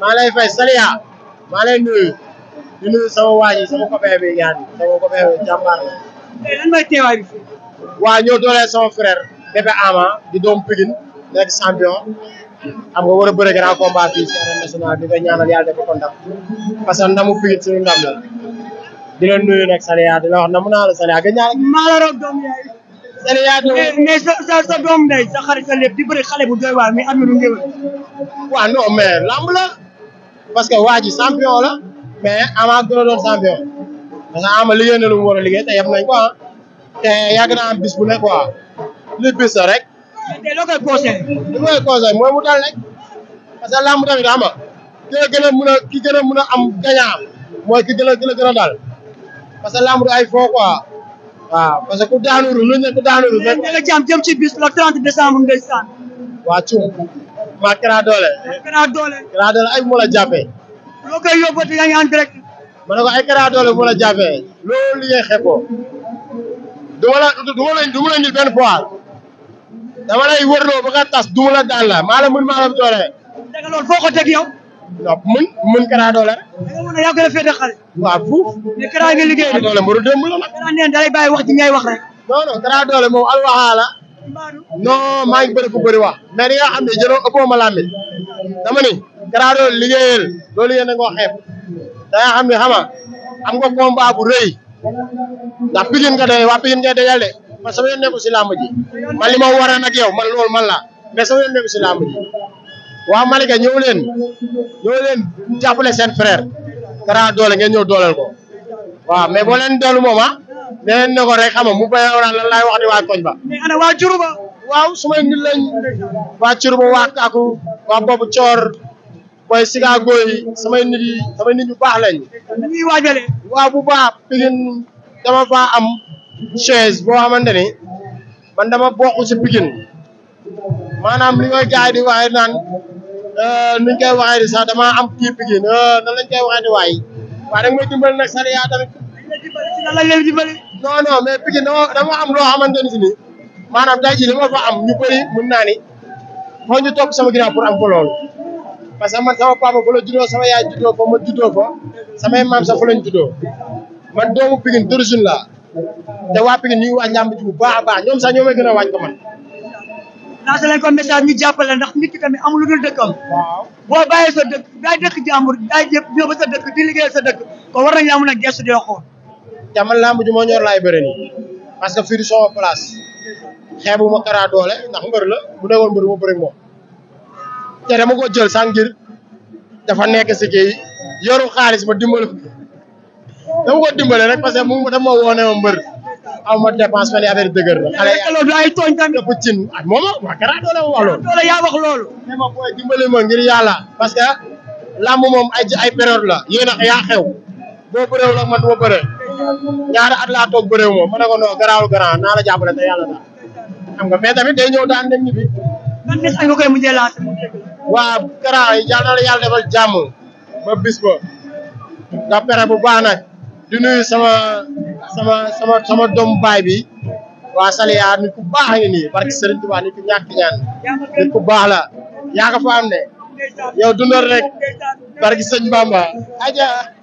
maa lay fay Saliya maa lay nuyu di nuyu sama waa ji sama copain bi yaa ngi sama copain bi jàmbaar la. Eh, lan mooy sama frère Bébé Ama di doom Pikine nekk champion xam nga war a bëre grand combat fii ci arène nationale bi nga ñaanal yàlla def ko di la nuyu nag Saliya di la wax namu naa Saliya gëj naa la. doom yaay. mais sa sa sa doom day sa xarit sa lépp di bëri xale bu doy waar mais am na lu ngéwél. waaw non mais lamb parce que waa ji champion la mais Ama gën a doon champion da nga ama liggéey na lu mu liggéey te yem nañ ko ah te yàgg am bis bu ne quoi li bis rek. te loo koy conseillé. li koy conseillé mooy mu dal rek parce que lamb tamit ama gën a mën a ki gën a mën a am gagnant mooy ki gën a gën a gën dal parce que lamb du ay foo quoi. waaw parce que ku lu ne ku daanu ru. ci bis le 30 décembre ndeysaan. waa Thium. waa Kara Dollé. Kara Dollé. ay moo la jàppee. loo koy yóbbu yaa la duma la duma la duma la ñu benn poids. dama lay wërloo ba tas duma la daan la maa la mën maa doole. dëgg ko teg yow. waaw mën mën Kara Dollé rek. da nga mën a yaa gën a féete a waaw fuuf. mais Kara nga liggéey de. Dollé mbaru démb la nag. Kara nee da lay bàyyi wax ji ngay wax rek. non non Kara Dollé moom alwaxaa la. non maa ngi bëri fu bëri wax. mais li nga xam ne jëloo ëppoo ma làmbi dama ni Kara Dollé liggéeyal loolu yéen a nga xeeb da xama am nga combat bu rëy ndax Pikine nga doy de man sama yoon nekkul si làmb ma waroon ak yow man loolu man la mais sama yoon nekkul waaw Malika ñëw leen ñëw leen jàppale seen frère Kara doole ngeen ñëw dooleel ko waaw mais boo leen doolu moom ah nee na ko rek xam nga mu bay a lan laay wax di waa koñ ba. mais ana waa Curuba. waaw sumay nit lañ waa Curuba waa Kaaku waa boobu Coor booy Chicago yi samay nit yi samay nit ñu baax lañ. bu baax Pikine dama fa am chaise boo xamante ni man dama bokk ci Pikine maanaam li ngay gars di waaye Euh, nuñ koy waxee di sax damaa am kii bi euh, nan lañ koy waxee di waay waaye nag may dimbali nag Sariya tamit. lan lañ leen dimbali. non non dama am loo xamante ne si ni maanaam tey jii li ma fa am ñu bëri mun naa ni foo ñu topp sama ginnaaw pour am ko loolu. parce que man sama papa fa la juddoo sama yaay juddoo fa ma juddoo fa samay maam sax fa lañ juddoo man doomu Pikine d'origine laa te waa Pikine ñu ngi waaj bu baax a baax ñoom sax ñoo may gën a waaj man. lancer leen ko message ñu jàppale ndax nit ki tamit amul lu dul dëkkam boo bàyyee sa dëkk daay dëkk jàmbur daay jëpp sa dëkk di liggéeyal sa dëkk kon war nañu amun a gestu doo xool jamal lamb ji moo ñor laay bëri nii parce que fii du sama place xeebu ma Kara Dollé ndax mbër la bu nekkoon mbër ma bëri moom te dama ko jël sans dafa nekk si kii yoru xaalis ma dimbali dama ko dimbale rek parce que mu daf ma ma mbër aw ma dépense ma ne affaire dëgër la. ay tooñ tamit. dëpp cin ah, moom waa Kara Dollé wax loolu. loolu. nee ma booy dimbali ma ngir yàlla. parce que làmb moom ay ay période la. a yaa xew. boo bëreewul ak man du ma bëre. ñaari at laa toog bëreew moom ma ne ko non garaawul garaaw naa la jàppale te yàlla mais tamit daan dem ñibbi. man bis nga koy mujjee laata. waa Kara ba bis ba. nga bu baax nag. di sama. sama sama sama doomu baay bi waa Saliya nit ku baax a ngi nii barke Serigne Touba nit ku ñàkk baax la yaa ko yow dundal rek barke Sëñ Bamba aja